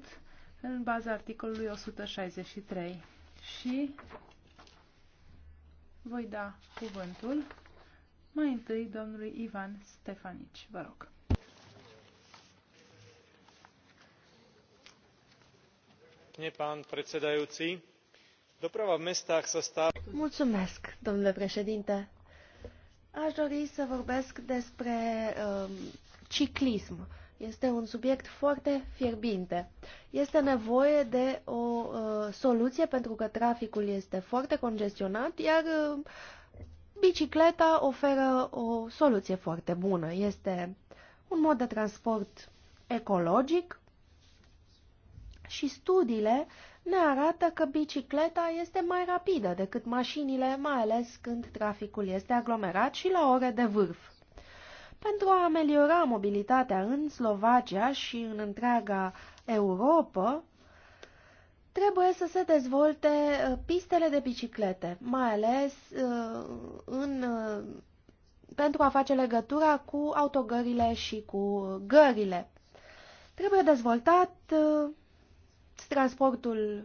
făcut în baza articolului 163 și voi da cuvântul mai întâi domnului Ivan Stefanici. Vă rog. pan predsedajúci, doprava v mestách să sta... Mulțumesc, domnule președinte. Aș dori să vorbesc despre um, ciclism. Uh, este un subiect foarte fierbinte. Este nevoie de o uh, soluție pentru că traficul este foarte congestionat, iar uh, bicicleta oferă o soluție foarte bună. Este un mod de transport ecologic și studiile ne arată că bicicleta este mai rapidă decât mașinile, mai ales când traficul este aglomerat și la ore de vârf pentru a ameliora mobilitatea în Slovacia și în întreaga Europa, trebuie să se dezvolte uh, pistele de biciclete, mai ales uh, în, uh, pentru a face legătura cu autogările și cu gările. Trebuie dezvoltat transportul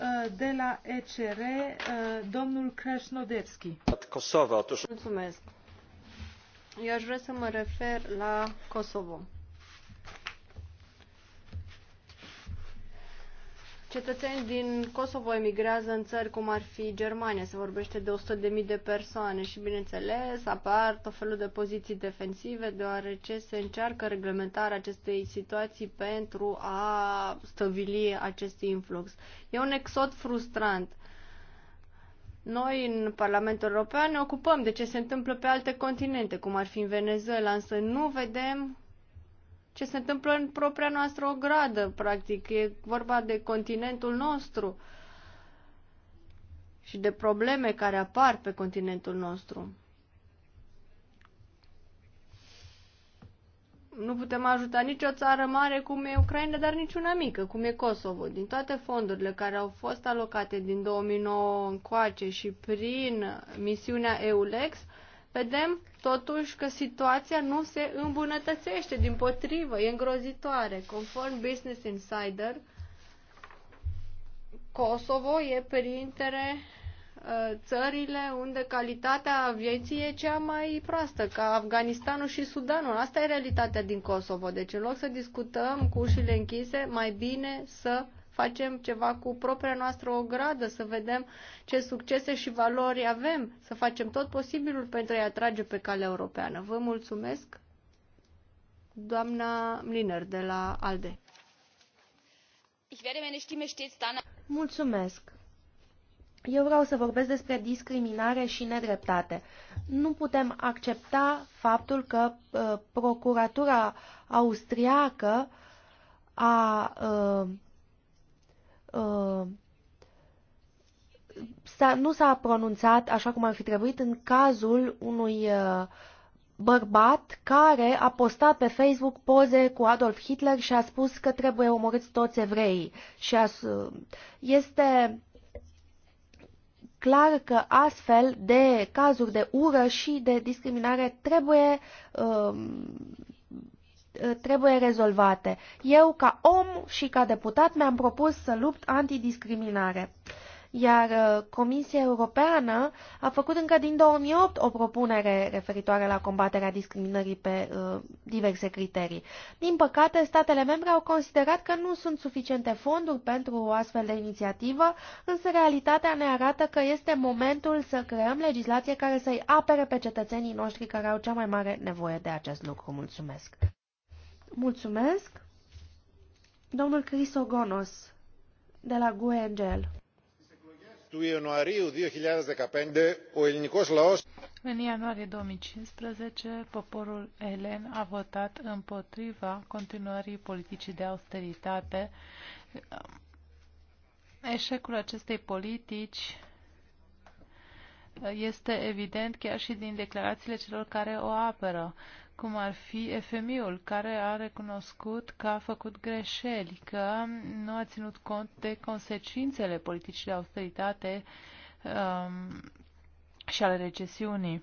Uh, de la ECR, uh, domnul Krasnodevski. Mulțumesc. Eu aș vrea să mă refer la Kosovo. Cetățeni din Kosovo emigrează în țări cum ar fi Germania, se vorbește de 100.000 de persoane și, bineînțeles, apar tot felul de poziții defensive, deoarece se încearcă reglementarea acestei situații pentru a stăvili acest influx. E un exod frustrant. Noi, în Parlamentul European, ne ocupăm de ce se întâmplă pe alte continente, cum ar fi în Venezuela, însă nu vedem ce se întâmplă în propria noastră ogradă, practic. E vorba de continentul nostru și de probleme care apar pe continentul nostru. Nu putem ajuta nicio țară mare cum e Ucraina, dar nici una mică, cum e Kosovo. Din toate fondurile care au fost alocate din 2009 încoace și prin misiunea EULEX, vedem totuși că situația nu se îmbunătățește, din potrivă, e îngrozitoare. Conform Business Insider, Kosovo e printre uh, țările unde calitatea vieții e cea mai proastă, ca Afganistanul și Sudanul. Asta e realitatea din Kosovo. Deci în loc să discutăm cu ușile închise, mai bine să uh, facem ceva cu propria noastră ogradă, să vedem ce succese și valori avem, să facem tot posibilul pentru a-i atrage pe calea europeană. Vă mulțumesc, doamna Mliner de la ALDE. Mulțumesc. Eu vreau să vorbesc despre discriminare și nedreptate. Nu putem accepta faptul că uh, procuratura austriacă a uh, uh, nu s-a pronunțat așa cum ar fi trebuit în cazul unui uh, bărbat care a postat pe Facebook poze cu Adolf Hitler și a spus că trebuie omorâți toți evreii. Și a, uh, este clar că astfel de cazuri de ură și de discriminare trebuie uh, Uh, trebuie rezolvate. Eu, ca om și ca deputat, mi-am propus să lupt antidiscriminare. Iar uh, Comisia Europeană a făcut încă din 2008 o propunere referitoare la combaterea discriminării pe uh, diverse criterii. Din păcate, statele membre au considerat că nu sunt suficiente fonduri pentru o astfel de inițiativă, însă realitatea ne arată că este momentul să creăm legislație care să-i apere pe cetățenii noștri care au cea mai mare nevoie de acest lucru. Mulțumesc! Mulțumesc. Domnul Crisogonos, de la Guengel. În ianuarie 2015, poporul elen a votat împotriva continuării politicii de austeritate. Eșecul acestei politici este evident chiar și din declarațiile celor care o apără cum ar fi FMI-ul, care a recunoscut că a făcut greșeli, că nu a ținut cont de consecințele politicii de austeritate um, și ale recesiunii.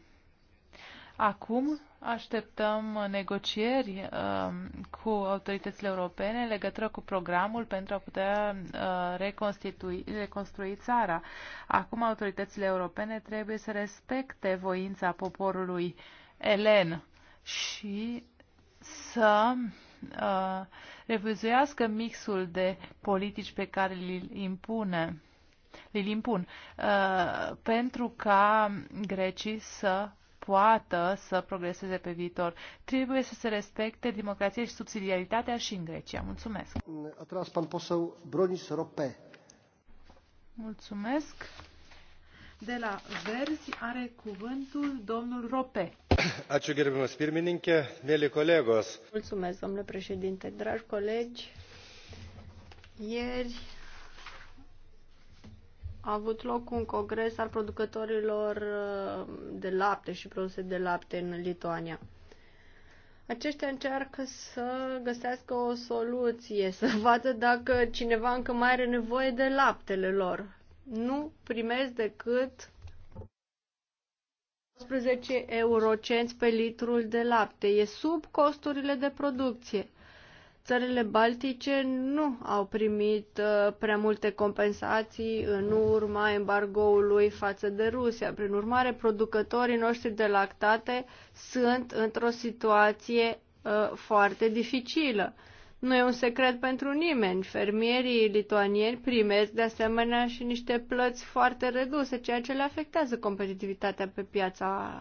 Acum așteptăm negocieri um, cu autoritățile europene în legătură cu programul pentru a putea uh, reconstitui, reconstrui țara. Acum autoritățile europene trebuie să respecte voința poporului elen și să uh, revizuiască mixul de politici pe care îl impune îl impun, uh, pentru ca grecii să poată să progreseze pe viitor. Trebuie să se respecte democrația și subsidiaritatea și în Grecia. Mulțumesc. A pan Bronis Rope. Mulțumesc. De la Verzi are cuvântul domnul Rope. Ačiū gerbiamas pirmininkė, mėly kolegos. Mulțumesc, domnule președinte, dragi colegi. Ieri a avut loc un congres al producătorilor uh, de lapte și produse de lapte în Lituania. Aceștia încearcă să găsească o soluție, să vadă dacă cineva încă mai are nevoie de laptele lor nu primesc decât 12 eurocenți pe litrul de lapte. E sub costurile de producție. Țările baltice nu au primit uh, prea multe compensații în urma embargoului față de Rusia. Prin urmare, producătorii noștri de lactate sunt într-o situație uh, foarte dificilă. Uh, nu e un secret pentru nimeni. Fermierii lituanieni primesc de asemenea și niște plăți foarte reduse, ceea ce le afectează competitivitatea pe piața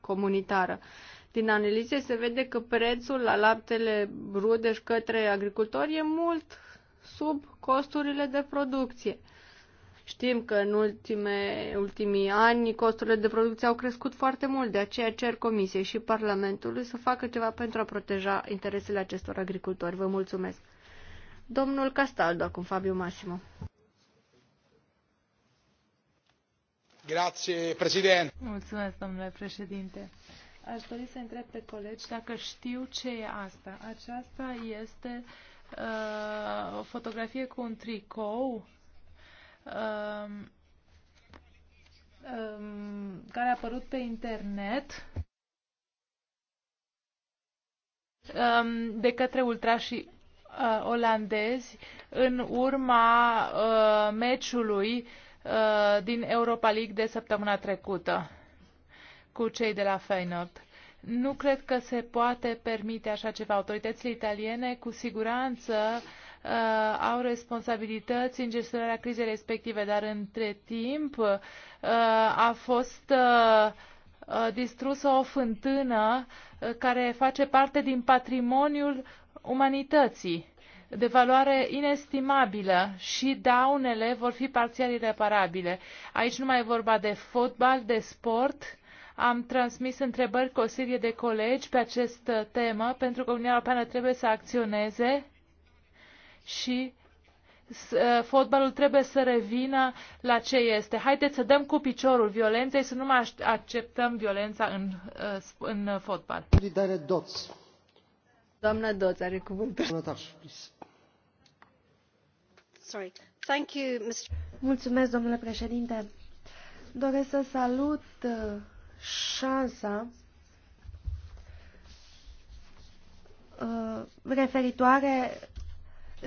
comunitară. Din analize se vede că prețul la laptele brut, către agricultori, e mult sub costurile de producție. Știm că în ultime, ultimii ani costurile de producție au crescut foarte mult, de aceea cer Comisiei și Parlamentului să facă ceva pentru a proteja interesele acestor agricultori. Vă mulțumesc. Domnul Castaldo, acum Fabio Massimo. Grazie, președinte. Mulțumesc, domnule președinte. Aș dori să întreb pe colegi dacă știu ce e asta. Aceasta este uh, o fotografie cu un tricou um, um, care a apărut pe internet um, de către ultrașii uh, olandezi în urma uh, meciului uh, din Europa League de săptămâna trecută cu cei de la Feyenoord. Nu cred că se poate permite așa ceva. Autoritățile italiene cu siguranță uh, au responsabilități în gestionarea crizei respective, dar între timp uh, a fost uh, uh, distrusă o fântână care face parte din patrimoniul umanității de valoare inestimabilă și daunele vor fi parțial ireparabile. Aici nu mai e vorba de fotbal, de sport. Am transmis întrebări cu o serie de colegi pe acest temă, pentru că Uniunea Europeană trebuie să acționeze și Uh, fotbalul trebuie să revină la ce este. Haideți să dăm cu piciorul violenței, să nu mai acceptăm violența în, uh, în fotbal. Doț. Doamna Doț are cuvântul. Sorry. Thank you, Mr. Mulțumesc, domnule președinte. Doresc să salut uh, șansa referitoare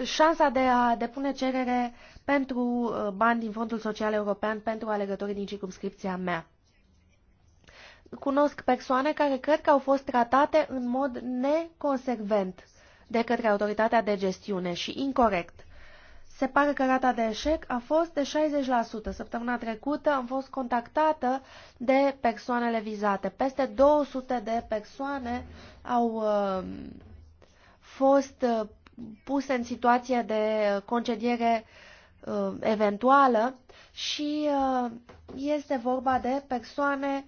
șansa de a depune cerere pentru uh, bani din Fondul Social European pentru alegătorii din circumscripția mea. Cunosc persoane care cred că au fost tratate în mod neconsecvent de către autoritatea de gestiune și incorrect. Se pare că rata de eșec a fost de 60%. Săptămâna trecută am fost contactată de persoanele vizate. Peste 200 de persoane au uh, fost uh, puse în situație de concediere uh, eventuală și uh, este vorba de persoane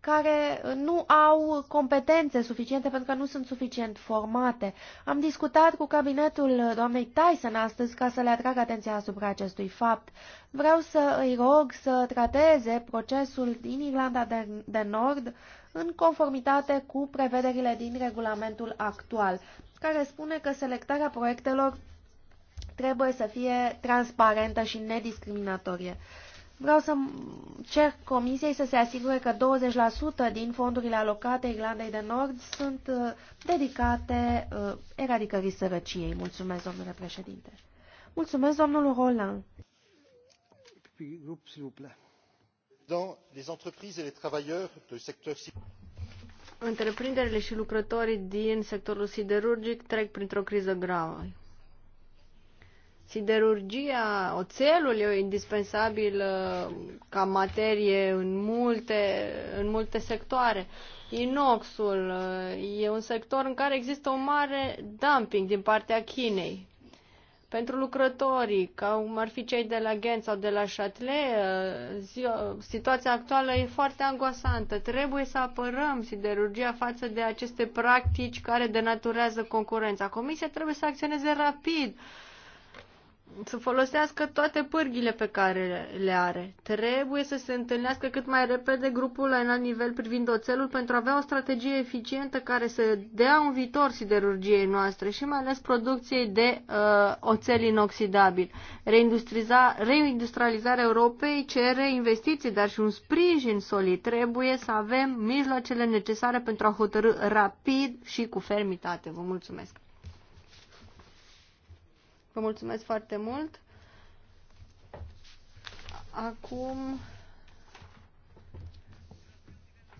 care nu au competențe suficiente pentru că nu sunt suficient formate. Am discutat cu cabinetul doamnei Tyson astăzi ca să le atrag atenția asupra acestui fapt. Vreau să îi rog să trateze procesul din Irlanda de, de Nord în conformitate cu prevederile din regulamentul actual, care spune că selectarea proiectelor trebuie să fie transparentă și nediscriminatorie. Vreau să cer Comisiei să se asigure că 20% din fondurile alocate Irlandei de Nord sunt uh, dedicate uh, eradicării sărăciei. Mulțumesc, domnule președinte. Mulțumesc, domnul Roland. Grup, vous plaît întreprinderile și lucrătorii din sectorul siderurgic trec printr o criză gravă. Siderurgia, oțelul e indispensabil ca materie în multe, în multe sectoare. Inoxul uh, e un sector în care există un mare dumping din partea Chinei pentru lucrătorii, ca cum ar fi cei de la Ghent sau de la Châtelet, uh, ziua, uh, situația actuală e foarte angoasantă. Trebuie să apărăm siderurgia față de aceste practici care denaturează concurența. Comisia trebuie să acționeze rapid să folosească toate pârghile pe care le are. Trebuie să se întâlnească cât mai repede grupul la nivel privind oțelul pentru a avea o strategie eficientă care să dea un viitor siderurgiei noastre și mai ales producției de uh, oțel inoxidabil. Reindustrializarea Europei cere investiții, dar și un sprijin solid. Trebuie să avem mijloacele necesare pentru a hotărâ rapid și cu fermitate. Vă mulțumesc! Vă mulțumesc foarte mult. Acum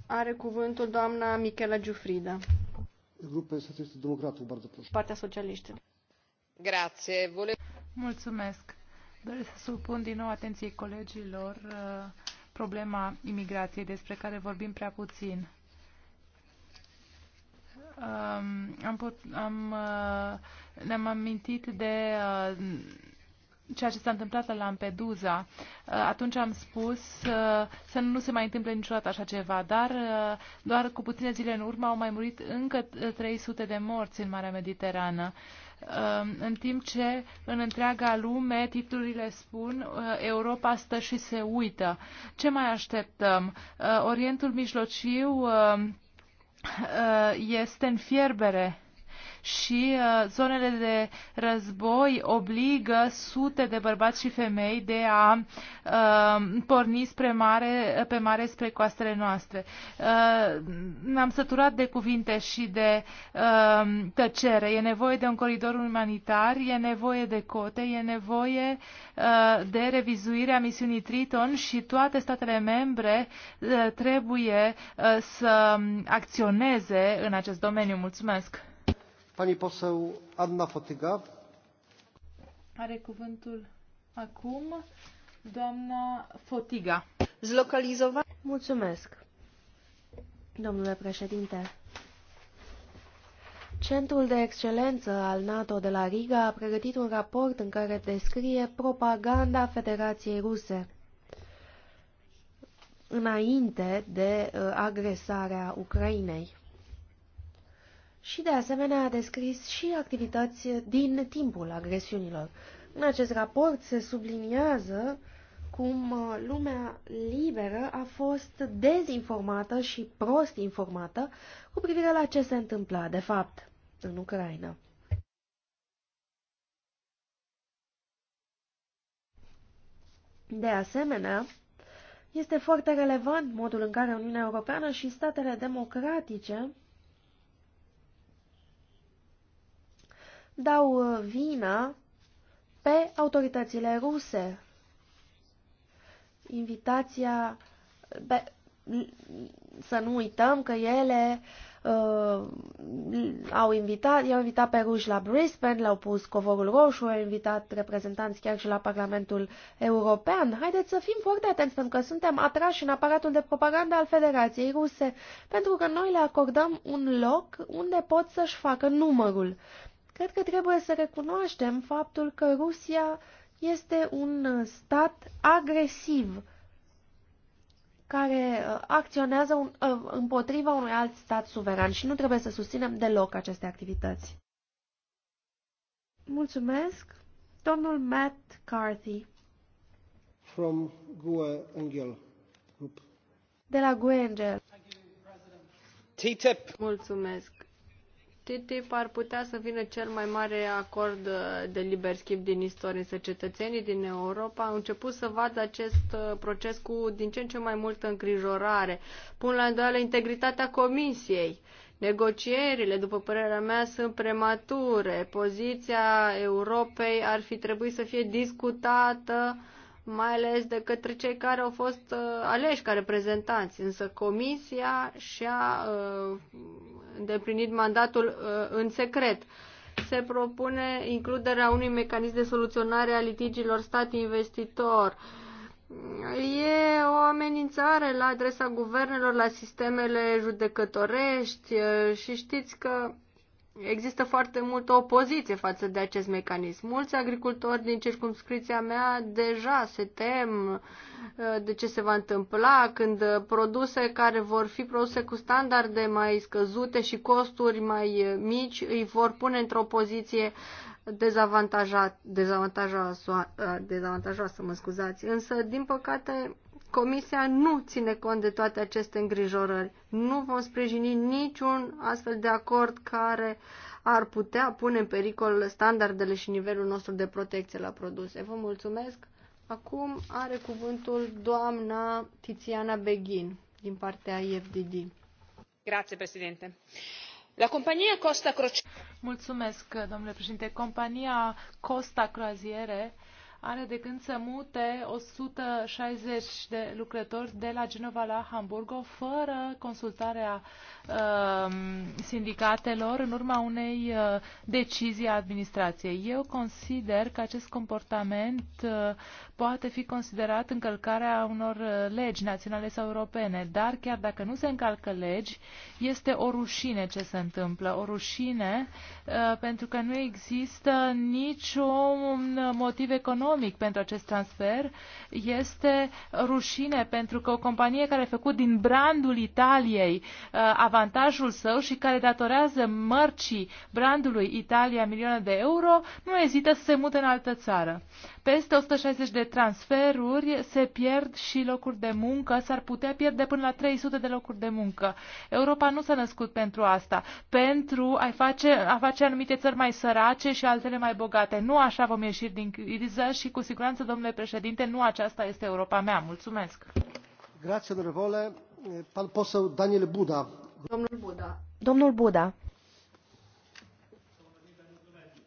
are cuvântul doamna Michela Giufrida. Grupul Socialist Democratul, bardzo proszę. Partea Socialistă. Grație. Vole... Mulțumesc. Doresc să supun din nou atenției colegilor uh, problema imigrației, despre care vorbim prea puțin am put, am, uh, ne-am amintit de uh, ceea ce s-a întâmplat la Lampedusa. Uh, atunci am spus să nu se mai întâmple niciodată așa ceva, dar doar cu puține zile în urmă au mai murit încă 300 de morți în Marea Mediterană. În timp ce în întreaga lume titlurile spun Europa stă și se uită. Ce mai așteptăm? Orientul Mijlociu Eh, este în fierbere și uh, zonele de război obligă sute de bărbați și femei de a uh, porni spre mare, pe mare spre coastele noastre. ne uh, am săturat de cuvinte și de tăcere. E nevoie de un coridor umanitar, e nevoie de cote, e nevoie de revizuirea misiunii Triton și toate statele membre trebuie să acționeze în acest domeniu. Mulțumesc! Pani poseł Anna Fotyga. Are cuvântul acum doamna Fotiga. Zlocalizovat. Mulțumesc, domnule președinte. Centrul de excelență al NATO de la Riga a pregătit un raport în care descrie propaganda Federației Ruse înainte de uh, agresarea Ucrainei și de asemenea a descris și activități din timpul agresiunilor. În acest raport se subliniază cum uh, lumea liberă a fost dezinformată și prost informată cu privire la ce se întâmpla, de fapt, în Ucraina. De asemenea, este foarte relevant modul în care Uniunea Europeană și statele democratice dau uh, vina pe autoritățile ruse. Invitația pe, să nu uităm că ele uh, au invitat, i-au invitat pe ruși la Brisbane, le-au pus covorul roșu, au invitat reprezentanți chiar și la Parlamentul European. Haideți să fim foarte atenți, pentru că suntem atrași în aparatul de propagandă al Federației Ruse, pentru că noi le acordăm un loc unde pot să-și facă numărul. Cred că trebuie să recunoaștem faptul că Rusia este un stat agresiv care uh, acționează un, uh, împotriva unui alt stat suveran și nu trebuie să susținem deloc aceste activități. Mulțumesc, domnul Matt Carthy. From GUE Angel Group. De la GUE Angel. TTIP. Mulțumesc. TTIP ar putea să vină cel mai mare acord uh, de liber schimb din istorie, să cetățenii din Europa au început să vadă acest uh, proces cu din ce în ce mai multă îngrijorare. Pun la îndoială integritatea Comisiei. Negocierile, după părerea mea, sunt premature. Poziția Europei ar fi trebuit să fie discutată mai ales de către cei care au fost uh, aleși ca reprezentanți. Însă Comisia și-a uh, îndeplinit mandatul uh, în secret. Se propune includerea unui mecanism de soluționare a litigiilor stat-investitor. E o amenințare la adresa guvernelor, la sistemele judecătorești uh, și știți că Există foarte multă opoziție față de acest mecanism. Mulți agricultori din circunscripția mea deja se tem uh, de ce se va întâmpla când produse care vor fi produse cu standarde mai scăzute și costuri mai uh, mici îi vor pune într-o poziție dezavantajoasă, uh, dezavantajoasă, mă scuzați. Însă, din păcate, Comisia nu ține cont de toate aceste îngrijorări. Nu vom sprijini niciun astfel de acord care ar putea pune în pericol standardele și nivelul nostru de protecție la produse. Vă mulțumesc. Acum are cuvântul doamna Tiziana Beghin din partea IFDD. Grazie, președinte. La compania Costa Croce... Mulțumesc, domnule președinte. Compania Costa Croaziere are de gând să mute 160 de lucrători de la Genova la Hamburgo fără consultarea uh, sindicatelor în urma unei uh, decizii a administrației. Eu consider că acest comportament uh, poate fi considerat încălcarea unor uh, legi naționale sau europene, dar chiar dacă nu se încalcă legi, este o rușine ce se întâmplă, o rușine uh, pentru că nu există niciun motiv economic economic pentru acest transfer. Este rușine pentru că o companie care a făcut din brandul Italiei uh, avantajul său și care datorează mărcii brandului Italia milioane de euro, nu ezită să se mute în altă țară. Peste 160 de transferuri se pierd și locuri de muncă, s-ar putea pierde până la 300 de locuri de muncă. Europa nu s-a născut pentru asta, pentru a face, a face anumite țări mai sărace și altele mai bogate. Nu așa vom ieși din criză și cu siguranță, domnule președinte, nu aceasta este Europa mea. Mulțumesc! Grazie, onorevole. Pan poseł Daniel Buda. Domnul Buda. Domnul Buda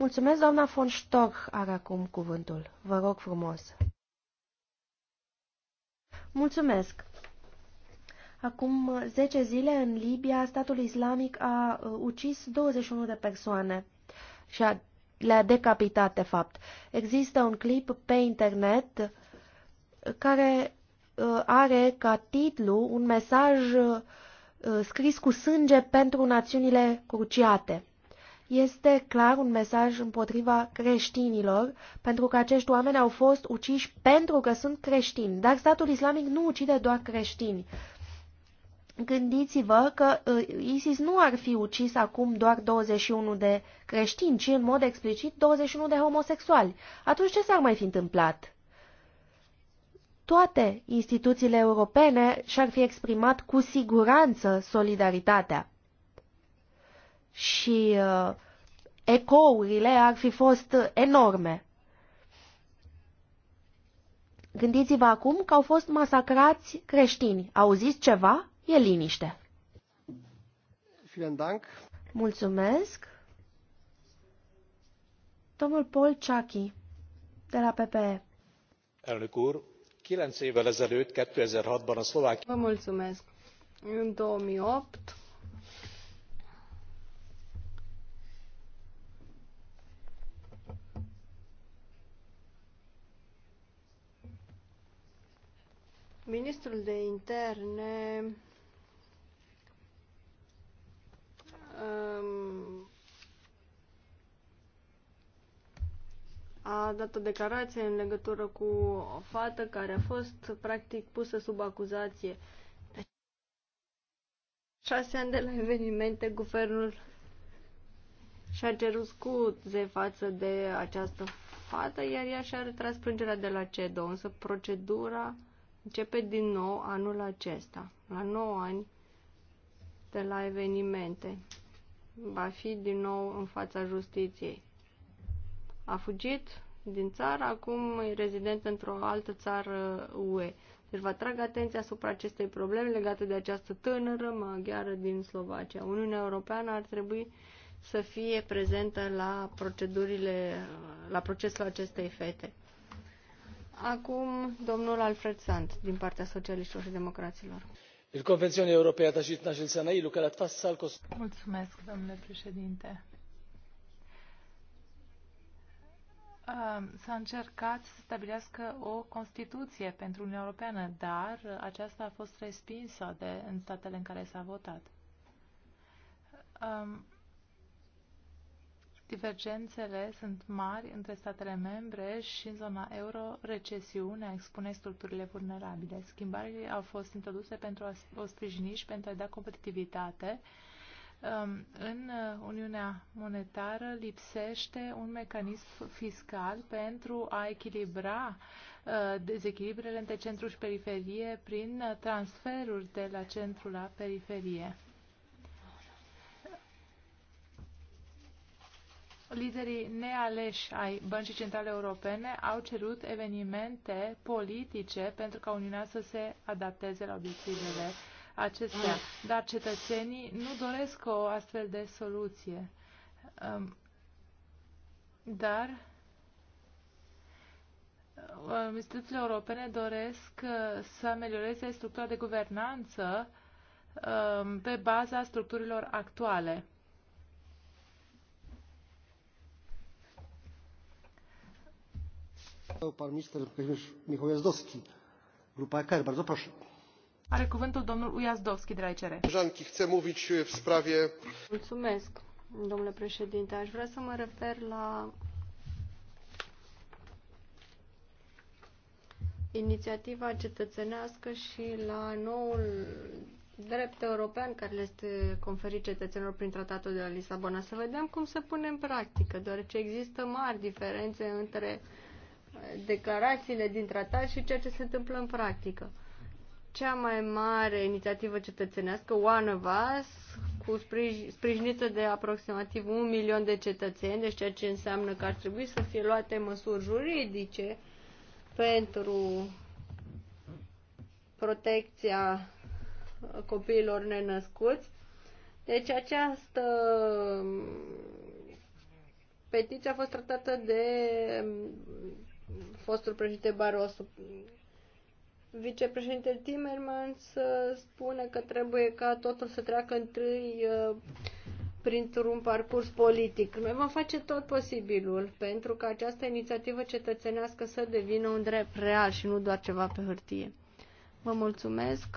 Mulțumesc, doamna von Stock, are acum cuvântul. Vă rog frumos. Mulțumesc. Acum 10 zile, în Libia, statul islamic a uh, ucis 21 de persoane și a, le-a decapitat, de fapt. Există un clip pe internet care uh, are ca titlu un mesaj uh, scris cu sânge pentru națiunile cruciate. Este clar un mesaj împotriva creștinilor, pentru că acești oameni au fost uciși pentru că sunt creștini. Dar statul islamic nu ucide doar creștini. Gândiți-vă că uh, ISIS nu ar fi ucis acum doar 21 de creștini, ci în mod explicit 21 de homosexuali. Atunci ce s-ar mai fi întâmplat? Toate instituțiile europene și-ar fi exprimat cu siguranță solidaritatea și uh, ecourile ar fi fost enorme. Gândiți-vă acum că au fost masacrați creștini. Auziți ceva? E liniște. Mulțumesc. Domnul Paul Ciachi, de la PPE. Elnök úr, 9 évvel ezelőtt, 2006-ban a szlovák... Vă mulțumesc. În 2008, Ministrul de interne um, a dat o declarație în legătură cu o fată care a fost practic pusă sub acuzație. De șase ani de la evenimente, guvernul și-a cerut scuze față de această fată, iar ea și-a retras plângerea de la CEDO, însă procedura începe din nou anul acesta, la 9 ani de la evenimente. Va fi din nou în fața justiției. A fugit din țară, acum e rezident într-o altă țară UE. Deci vă atrag atenția asupra acestei probleme legate de această tânără maghiară din Slovacia. Uniunea Europeană ar trebui să fie prezentă la procedurile, la procesul acestei fete. Acum, domnul Alfred Sant, din partea socialiștilor și democraților. Mulțumesc, domnule președinte. S-a încercat să stabilească o Constituție pentru Uniunea Europeană, dar aceasta a fost respinsă de, în statele în care s-a votat. Divergențele sunt mari între statele membre și în zona euro recesiunea expune structurile vulnerabile. Schimbările au fost introduse pentru a o sprijini și pentru a da competitivitate. Um, în Uniunea Monetară lipsește un mecanism fiscal pentru a echilibra uh, dezechilibrele între centru și periferie prin transferuri de la centru la periferie. liderii nealeși ai Băncii Centrale Europene au cerut evenimente politice pentru ca Uniunea să se adapteze la obiectivele acestea. Dar cetățenii nu doresc o astfel de soluție. Um, dar um, instituțiile europene doresc uh, să amelioreze structura de guvernanță um, pe baza structurilor actuale. Pan minister Michał Jazdowski, grupa EKR, bardzo proszę. Are cuvântul domnul Ujazdowski de la ICR. Janki, chcę mówić w sprawie... Mulțumesc, domnule președinte. Aș vrea să mă refer la inițiativa cetățenească și la noul drept european care le este conferit cetățenilor prin tratatul de la Lisabona. Să vedem cum se pune în practică, deoarece există mari diferențe între declarațiile din tratat și ceea ce se întâmplă în practică. Cea mai mare inițiativă cetățenească, One of Us, cu sprij- sprijinită de aproximativ un milion de cetățeni, deci ceea ce înseamnă că ar trebui să fie luate măsuri juridice pentru protecția copiilor nenăscuți. Deci această petiție a fost tratată de fostul președinte Barroso. Vicepreședintele Timmermans uh, spune că trebuie ca totul să treacă întâi uh, printr-un parcurs politic. Noi vom face tot posibilul pentru ca această inițiativă cetățenească să devină un drept real și nu doar ceva pe hârtie. Vă mulțumesc.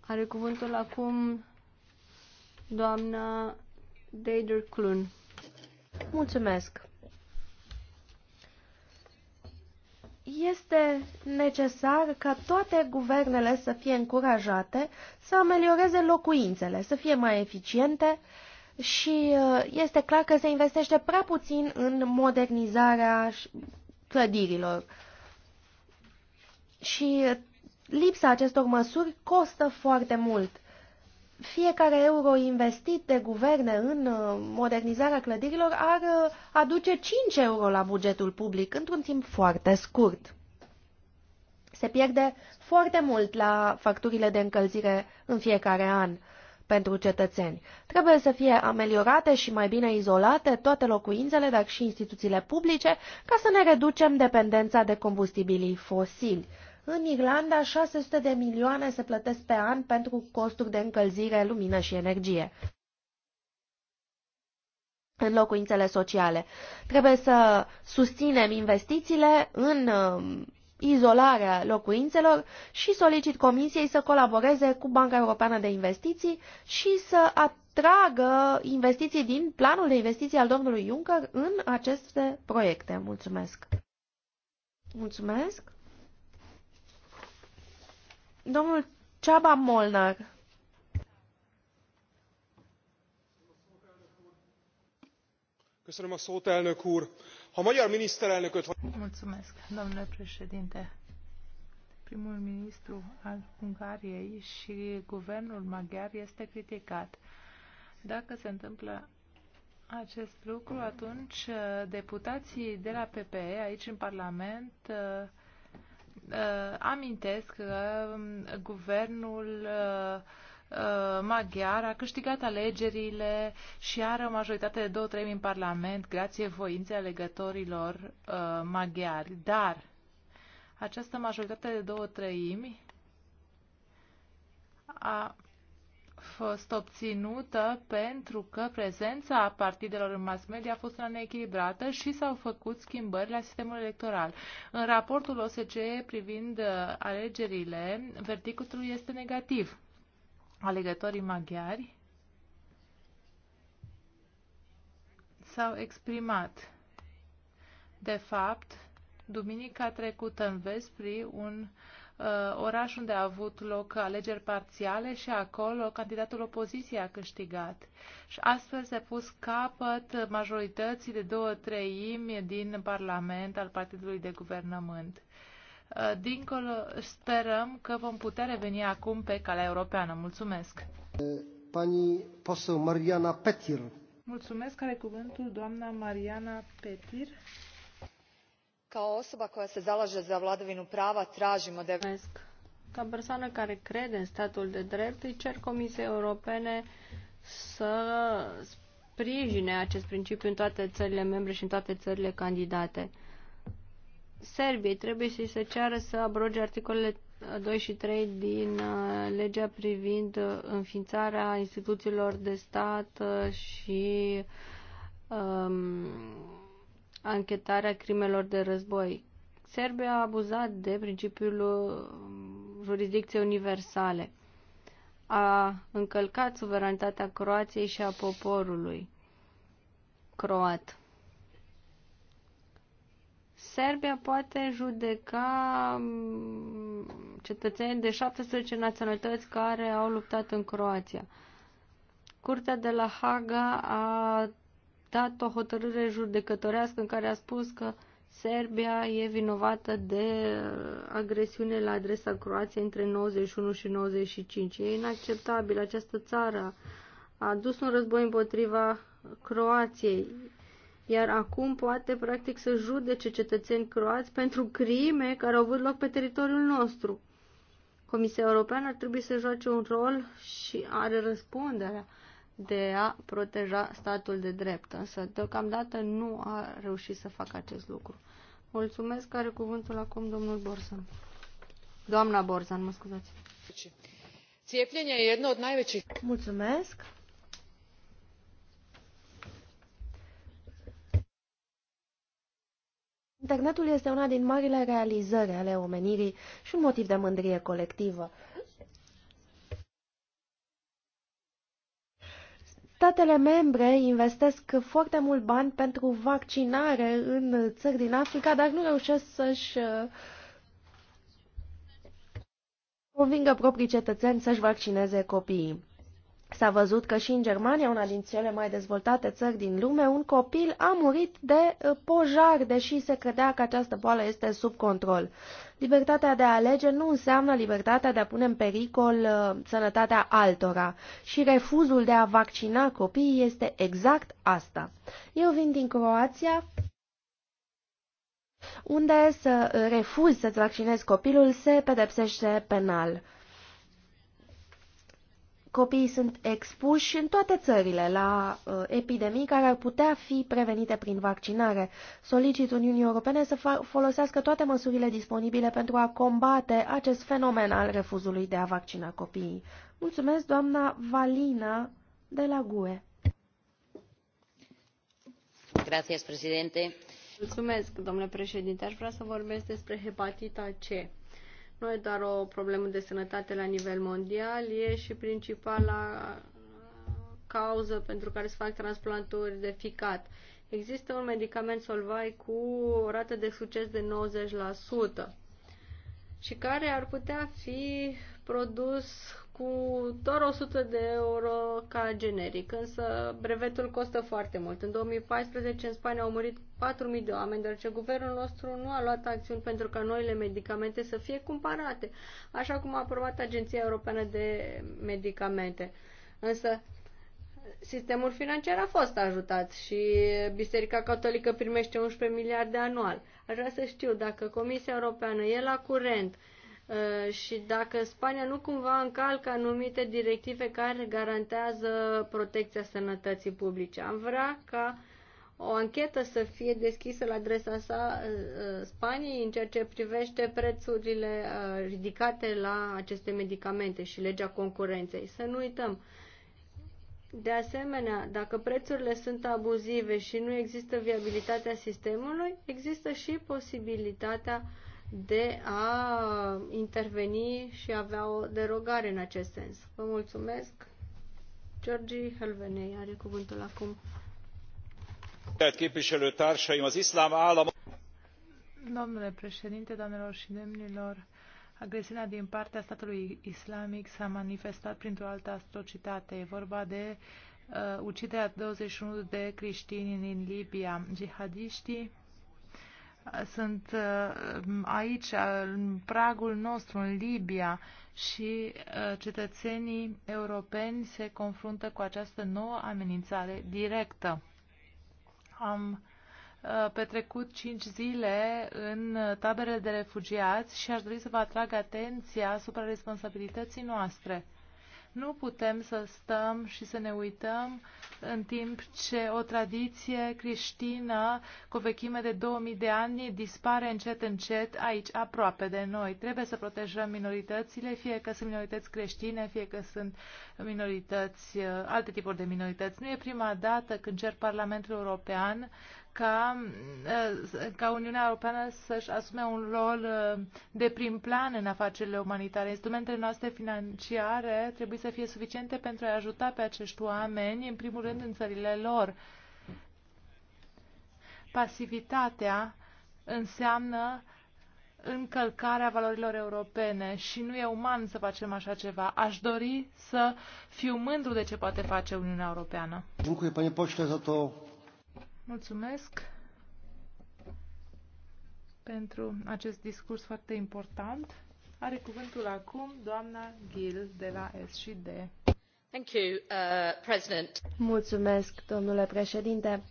Are cuvântul acum doamna Deider Clun. Mulțumesc. Este necesar ca toate guvernele să fie încurajate să amelioreze locuințele, să fie mai eficiente și uh, este clar că se investește prea puțin în modernizarea clădirilor. Și lipsa acestor măsuri costă foarte mult fiecare euro investit de guverne în uh, modernizarea clădirilor ar uh, aduce 5 euro la bugetul public într-un timp foarte scurt. Se pierde foarte mult la facturile de încălzire în fiecare an pentru cetățeni. Trebuie să fie ameliorate și mai bine izolate toate locuințele, dar și instituțiile publice, ca să ne reducem dependența de combustibilii fosili în Irlanda, 600 de milioane se plătesc pe an pentru costuri de încălzire, lumină și energie în locuințele sociale. Trebuie să susținem investițiile în um, izolarea locuințelor și solicit Comisiei să colaboreze cu Banca Europeană de Investiții și să atragă investiții din planul de investiții al domnului Juncker în aceste proiecte. Mulțumesc! Mulțumesc! Domnul Ceaba Molnar. Köszönöm a szót, elnök úr. Ha magyar miniszterelnököt... Mulțumesc, domnule președinte. Primul ministru al Ungariei și guvernul maghiar este criticat. Dacă se întâmplă acest lucru, atunci uh, deputații de la PPE aici în Parlament uh, uh, amintesc că um, guvernul uh, uh, maghiar a câștigat alegerile și are o majoritate de două treimi în Parlament grație voinței alegătorilor uh, maghiari. Dar această majoritate de două treimi a fost obținută pentru că prezența partidelor în mass media a fost una neechilibrată și s-au făcut schimbări la sistemul electoral. În raportul OSCE privind uh, alegerile, verdictul este negativ. Alegătorii maghiari s-au exprimat. De fapt, duminica trecută în Vespri, un uh, Uh, oraș unde a avut loc alegeri parțiale și acolo candidatul opoziției a câștigat. Și astfel se pus capăt majorității de două treimi din Parlament al Partidului de Guvernământ. Uh, dincolo, sperăm că vom putea reveni acum pe calea europeană. Mulțumesc! Pani poseu Mariana Petir. Mulțumesc, are cuvântul doamna Mariana Petir kao osoba koja se zalaže za vladavinu prava tražim od da- ca persoană care crede în statul de drept, îi cer Comisiei Europene să sprijine acest principiu în toate țările membre și în toate țările candidate. Serbiei trebuie să-i se ceară să abroge articolele 2 și 3 din uh, legea privind uh, înființarea instituțiilor de stat uh, și um, anchetarea crimelor de război. Serbia a abuzat de principiul um, jurisdicției universale. A încălcat suveranitatea Croației și a poporului croat. Serbia poate judeca um, cetățenii de 17 naționalități care au luptat în Croația. Curtea de la Haga a dat o hotărâre judecătorească în care a spus că Serbia e vinovată de uh, agresiune la adresa Croației între 91 și 95. E inacceptabil. Această țară a dus un război împotriva Croației, iar acum poate practic să judece cetățeni croați pentru crime care au avut loc pe teritoriul nostru. Comisia Europeană ar trebui să joace un rol și are răspunderea de a proteja statul de drept, însă deocamdată nu a reușit să facă acest lucru. Mulțumesc, care cuvântul acum domnul Borsan. Doamna Borsan, mă scuzați. Țieplenia e jedno od najvećih... Mulțumesc. Internetul este una din marile realizări ale omenirii și un motiv de mândrie colectivă. Statele membre investesc foarte mult bani pentru vaccinare în țări din Africa, dar nu reușesc să-și uh, convingă proprii cetățeni să-și vaccineze copiii. S-a văzut că și în Germania, una din cele mai dezvoltate țări din lume, un copil a murit de uh, pojar, deși se credea că această boală este sub control. Libertatea de a alege nu înseamnă libertatea de a pune în pericol uh, sănătatea altora și refuzul de a vaccina copiii este exact asta. Eu vin din Croația, unde să uh, refuzi să-ți vaccinezi copilul se pedepsește penal copiii sunt expuși în toate țările la uh, epidemii care ar putea fi prevenite prin vaccinare. Solicit Uniunii Europene să folosească toate măsurile disponibile pentru a combate acest fenomen al refuzului de a vaccina copiii. Mulțumesc, doamna Valina de la GUE. Gracias, presidente. Mulțumesc, domnule președinte. Aș vrea să vorbesc despre hepatita C nu e doar o problemă de sănătate la nivel mondial, e și principala cauză pentru care se fac transplanturi de ficat. Există un medicament Solvay cu o rată de succes de 90% și care ar putea fi produs cu doar 100 de euro ca generic, însă brevetul costă foarte mult. În 2014 în Spania au murit 4.000 de oameni, deoarece guvernul nostru nu a luat acțiuni pentru ca noile medicamente să fie cumpărate, așa cum a aprobat Agenția Europeană de Medicamente. Însă sistemul financiar a fost ajutat și Biserica Catolică primește 11 miliarde anual. Aș vrea să știu dacă Comisia Europeană e la curent Uh, și dacă Spania nu cumva încalcă anumite directive care garantează protecția sănătății publice. Am vrea ca o anchetă să fie deschisă la adresa sa uh, uh, Spaniei în ceea ce privește prețurile ridicate la aceste medicamente și legea concurenței. Să nu uităm. De asemenea, dacă prețurile sunt abuzive și nu există viabilitatea sistemului, există și posibilitatea uh, de a interveni și avea o derogare în acest sens. Vă mulțumesc. Georgi Helvenei are cuvântul acum. Domnule președinte, doamnelor și domnilor, agresiunea din partea statului islamic s-a manifestat printr-o altă atrocitate. E vorba de uh, uciderea 21 de creștini în Libia. Jihadiștii sunt uh, aici, în pragul nostru, în Libia, și uh, cetățenii europeni se confruntă cu această nouă amenințare directă. Am uh, petrecut cinci zile în taberele de refugiați și aș dori să vă atrag atenția asupra responsabilității noastre. Nu putem să stăm și să ne uităm în timp ce o tradiție creștină cu vechime de 2000 de ani dispare încet, încet aici, aproape de noi. Trebuie să protejăm minoritățile, fie că sunt minorități creștine, fie că sunt minorități, uh, alte tipuri de minorități. Nu e prima dată când cer Parlamentul European ca, ca Uniunea Europeană să-și asume un rol de prim plan în afacerile umanitare. Instrumentele noastre financiare trebuie să fie suficiente pentru a ajuta pe acești oameni, în primul rând în țările lor. Pasivitatea înseamnă încălcarea valorilor europene și nu e uman să facem așa ceva. Aș dori să fiu mândru de ce poate face Uniunea Europeană. Dziękuję, panie pośle, za Mulțumesc pentru acest discurs foarte important. Are cuvântul acum doamna Gil de la SD. Thank you, uh, President. Mulțumesc, domnule președinte.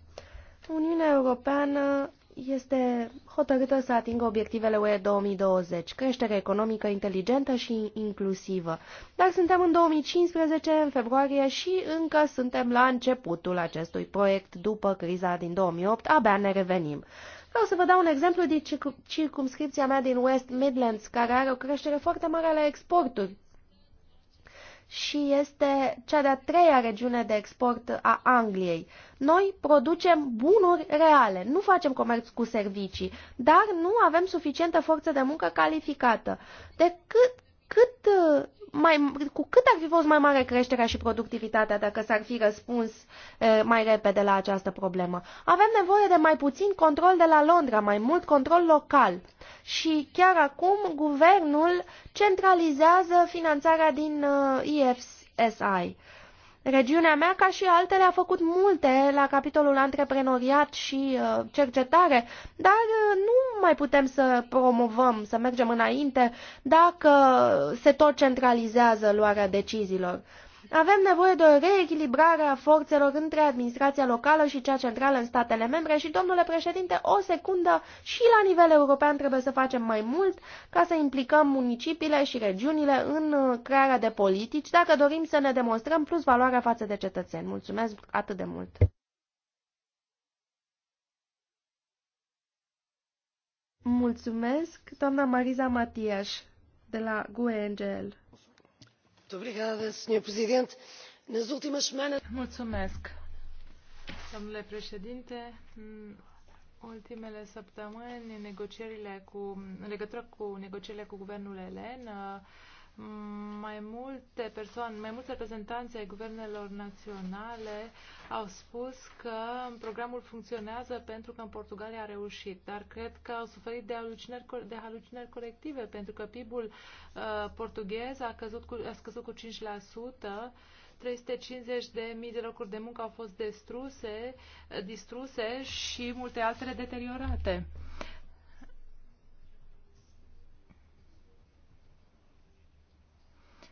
Uniunea Europeană este hotărâtă să atingă obiectivele UE 2020, creștere economică inteligentă și inclusivă. Dar suntem în 2015, în februarie, și încă suntem la începutul acestui proiect. După criza din 2008, abia ne revenim. Vreau să vă dau un exemplu din circumscripția mea din West Midlands, care are o creștere foarte mare la exporturi și este cea de-a treia regiune de export a Angliei. Noi producem bunuri reale, nu facem comerț cu servicii, dar nu avem suficientă forță de muncă calificată. De cât, cât mai, cu cât ar fi fost mai mare creșterea și productivitatea dacă s-ar fi răspuns e, mai repede la această problemă. Avem nevoie de mai puțin control de la Londra, mai mult control local. Și chiar acum guvernul centralizează finanțarea din e, IFSI. Regiunea mea, ca și altele, a făcut multe la capitolul antreprenoriat și uh, cercetare, dar uh, nu mai putem să promovăm, să mergem înainte dacă se tot centralizează luarea deciziilor. Avem nevoie de o reechilibrare a forțelor între administrația locală și cea centrală în statele membre și, domnule președinte, o secundă și la nivel european trebuie să facem mai mult ca să implicăm municipiile și regiunile în uh, crearea de politici dacă dorim să ne demonstrăm plus valoarea față de cetățeni. Mulțumesc atât de mult! Mulțumesc, doamna Mariza Matiaș, de la GUE NGL. Mulțumesc, domnule președinte ultimele săptămâni negocierile cu, în legătură cu negocierile cu guvernul elen mai multe persoane, mai mulți reprezentanți ai guvernelor naționale au spus că programul funcționează pentru că în Portugalia a reușit, dar cred că au suferit de halucinări, de halucinări colective, pentru că PIB-ul uh, portughez a, căzut cu, a scăzut cu 5%, 350 de mii de locuri de muncă au fost destruse, uh, distruse și multe altele deteriorate.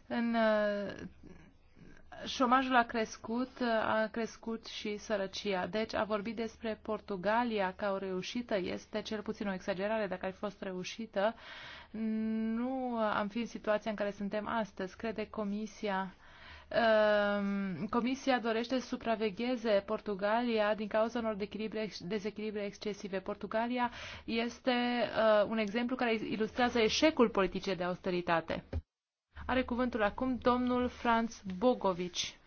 În uh, șomajul a crescut, a crescut și sărăcia. Deci a vorbit despre Portugalia ca o reușită este cel puțin o exagerare, dacă ar fi fost reușită. Nu am fi în situația în care suntem astăzi, crede Comisia. Um, comisia dorește să supravegheze Portugalia din cauza unor dezechilibre excesive. Portugalia este uh, un exemplu care ilustrează eșecul politicii de austeritate. Are cuvântul acum domnul Franz Bogovici.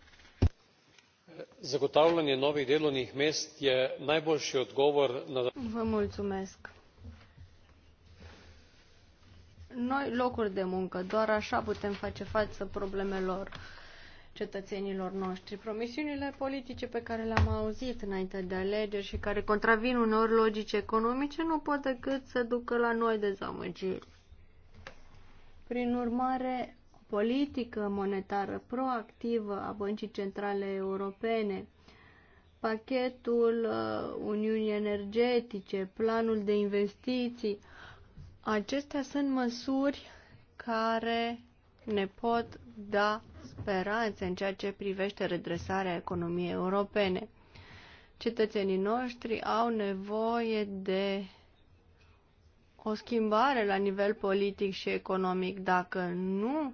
Zagotavljanje novih delovnih mest je najboljši odgovor na... Vă mulțumesc. Noi locuri de muncă, doar așa putem face față problemelor cetățenilor noștri. Promisiunile politice pe care le-am auzit înainte de alegeri și care contravin unor logici economice nu pot decât să ducă la noi dezamăgiri. Prin urmare, politică monetară proactivă a Băncii Centrale Europene, pachetul uh, Uniunii Energetice, planul de investiții, acestea sunt măsuri care ne pot da speranțe în ceea ce privește redresarea economiei europene. Cetățenii noștri au nevoie de o schimbare la nivel politic și economic. Dacă nu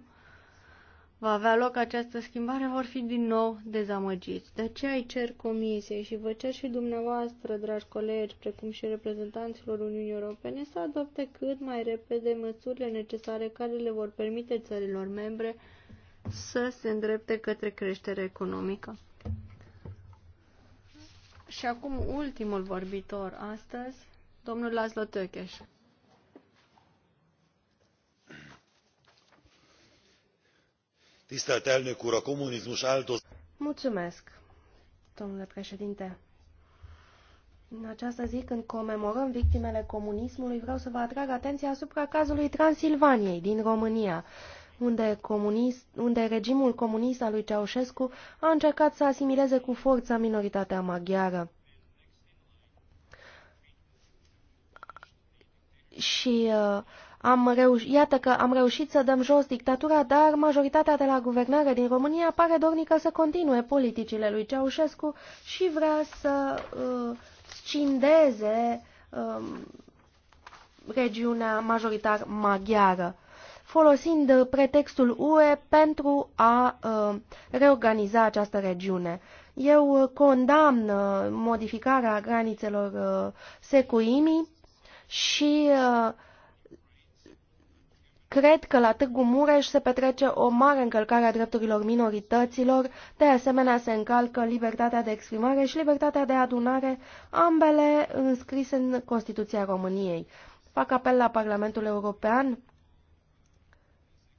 va avea loc această schimbare, vor fi din nou dezamăgiți. De aceea ai cer comisiei și vă cer și dumneavoastră, dragi colegi, precum și reprezentanților Uniunii Europene, să adopte cât mai repede măsurile necesare care le vor permite țărilor membre să se îndrepte către creștere economică. Și acum ultimul vorbitor astăzi, domnul Laszlo Tökes. Tisztelt elnök úr, a kommunizmus áldoz... Mulțumesc, domnule președinte. În această zi, când comemorăm victimele comunismului, vreau să vă atrag atenția asupra cazului Transilvaniei din România, unde, comunist, unde regimul comunist al lui Ceaușescu a încercat să asimileze cu forța minoritatea maghiară. Și uh, am reuș- Iată că am reușit să dăm jos dictatura, dar majoritatea de la guvernare din România pare dornică să continue politicile lui Ceaușescu și vrea să uh, scindeze uh, regiunea majoritar maghiară, folosind pretextul UE pentru a uh, reorganiza această regiune. Eu condamn uh, modificarea granițelor uh, secuimii și uh, Cred că la Târgu Mureș se petrece o mare încălcare a drepturilor minorităților, de asemenea se încalcă libertatea de exprimare și libertatea de adunare, ambele înscrise în Constituția României. Fac apel la Parlamentul European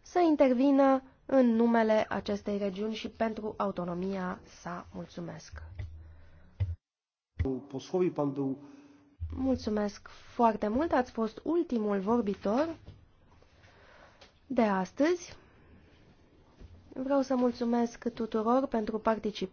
să intervină în numele acestei regiuni și pentru autonomia sa. Mulțumesc! Mulțumesc foarte mult, ați fost ultimul vorbitor de astăzi. Vreau să mulțumesc tuturor pentru participare.